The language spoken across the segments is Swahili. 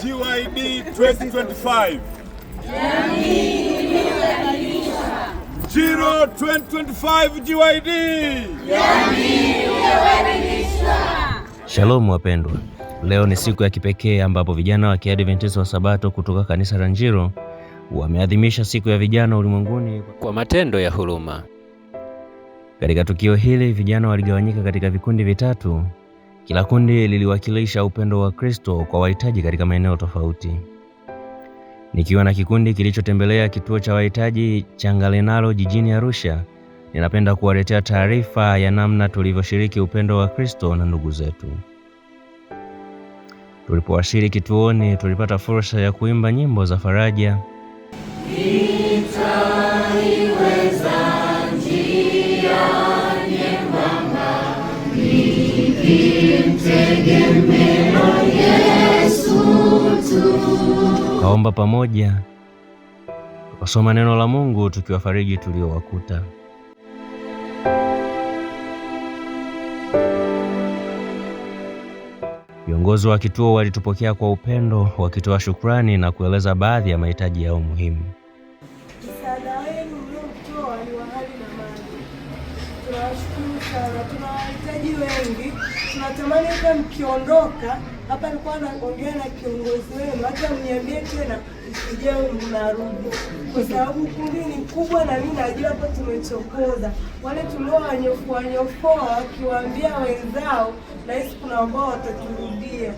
GYD 2025 2025 GYD Shalom wapendwa, leo ni siku ya kipekee ambapo vijana wa Kiadventista wa Sabato kutoka kanisa la Njiro wameadhimisha siku ya vijana ulimwenguni kwa matendo ya huruma. Katika tukio hili vijana waligawanyika katika vikundi vitatu kila kundi liliwakilisha upendo wa Kristo kwa wahitaji katika maeneo tofauti. Nikiwa na kikundi kilichotembelea kituo cha wahitaji cha Ngalenalo jijini Arusha, ninapenda kuwaletea taarifa ya namna tulivyoshiriki upendo wa Kristo na ndugu zetu. Tulipowasili kituoni, tulipata fursa ya kuimba nyimbo za faraja. Kaomba pamoja tukasoma neno la Mungu tukiwafariji tuliowakuta. Viongozi wa kituo walitupokea kwa upendo, wakitoa shukrani na kueleza baadhi ya mahitaji yao muhimu. wengi tunatamani kwa mkiondoka hapa, nilikuwa naongea na kiongozi wenu, hata mniambie tena msijao mnarudi, kwa sababu kundi ni kubwa, na mimi najua hapa tumechokoza. Wale tuliowanyofoa nyofoa wakiwaambia wenzao, nahisi kuna ambao wataturudia,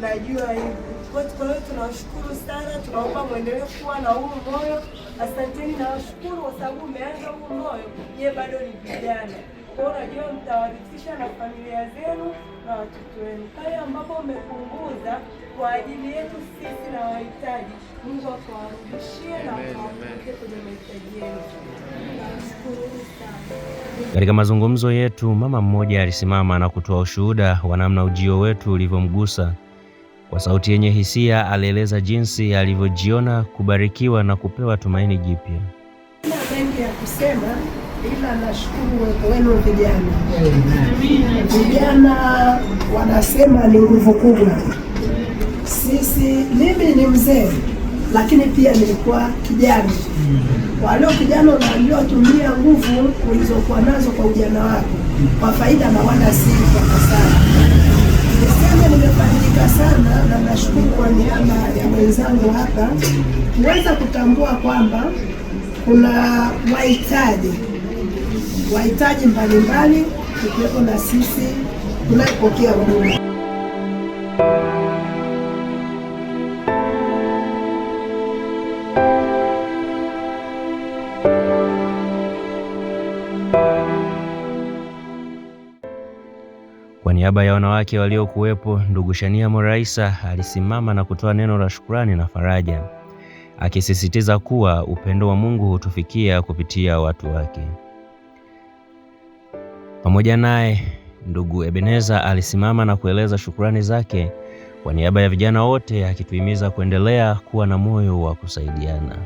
najua hivi Kwa hiyo tunawashukuru sana, tunaomba mwendelee kuwa na huu moyo. Asanteni, nawashukuru kwa sababu umeanza huu moyo, yeye bado ni vijana kuona Unajua mtawarithisha na familia zenu na watoto wenu, pale ambapo umepunguza kwa ajili yetu sisi na wahitaji, Mungu akawarudishie na akawapunguze kwenye mahitaji yenu. Katika mazungumzo yetu, mama mmoja alisimama na kutoa ushuhuda wa namna ujio wetu ulivyomgusa. Kwa sauti yenye hisia, alieleza jinsi alivyojiona kubarikiwa na kupewa tumaini jipya. Sina mengi ya kusema ila nashukuru uwepo wenu vijana. Vijana wanasema ni nguvu kubwa. Sisi, mimi ni mzee lakini pia nilikuwa kijana. Kwa leo kijana unaambiwa tumia nguvu ulizokuwa nazo kwa ujana wako kwa faida na wala si kwa hasara. Niseme nimefanyika sana na nashukuru kwa niaba ya mwenzangu hapa kuweza kutambua kwamba kuna wahitaji wahitaji mbalimbali, tukiwepo na sisi tunayepokea huduma. Kwa niaba ya wanawake waliokuwepo, ndugu Shania Moraisa alisimama na kutoa neno la shukrani na faraja, akisisitiza kuwa upendo wa Mungu hutufikia kupitia watu wake. Pamoja naye ndugu Ebeneza alisimama na kueleza shukrani zake kwa niaba ya vijana wote, akituhimiza kuendelea kuwa na moyo wa kusaidiana.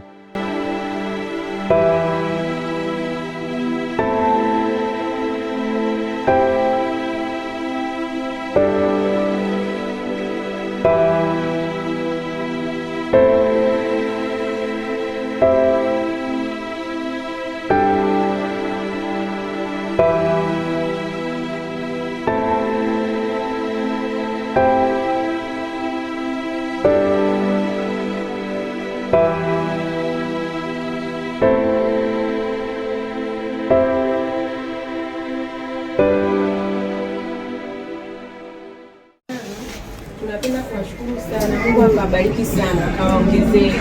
sana, kawaongezee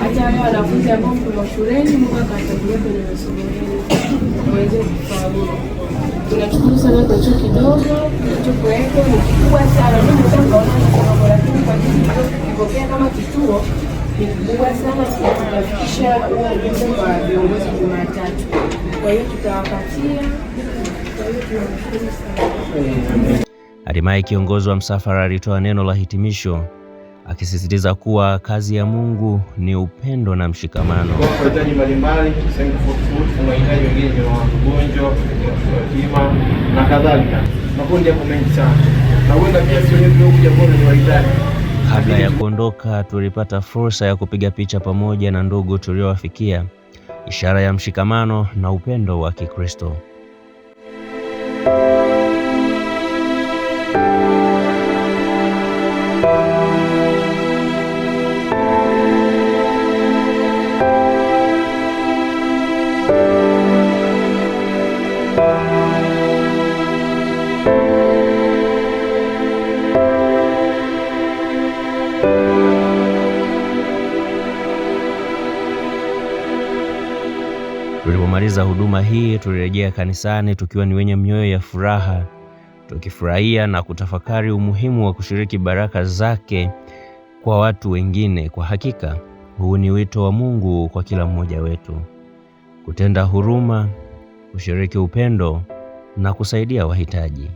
hata wale wanafunzi ambao kuna shuleni, Mungu akawatakulia kwenye masomo yenu waweze kufaulu. Tunashukuru sana kwa chuo kidogo kilichokuwepo, ni kikubwa sana. Mimi nitakaona lakini kwa jiji kilivyopokea kama kituo ni kikubwa sana, tutafikisha huo ujumbe kwa viongozi Jumatatu. Kwa hiyo tutawapatia. Kwa hiyo tunashukuru sana. Hatimaye kiongozi wa msafara alitoa neno la hitimisho akisisitiza kuwa kazi ya Mungu ni upendo na mshikamano. Mahitaji mbalimbali mahitaji wengine ni wagonjwa, yatima na kadhalika, makundi yako mengi sana na huenda pia sio ni wahitaji. Kabla ya kuondoka, tulipata fursa ya kupiga picha pamoja na ndugu tuliowafikia, ishara ya mshikamano na upendo wa Kikristo. Tulipomaliza huduma hii, tulirejea kanisani tukiwa ni wenye mioyo ya furaha, tukifurahia na kutafakari umuhimu wa kushiriki baraka zake kwa watu wengine. Kwa hakika, huu ni wito wa Mungu kwa kila mmoja wetu: kutenda huruma, kushiriki upendo na kusaidia wahitaji.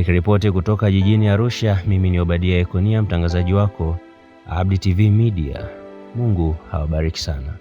Nikiripoti kutoka jijini Arusha, mimi ni Obadia Ekonia, mtangazaji wako Abdi TV Media. Mungu hawabariki sana.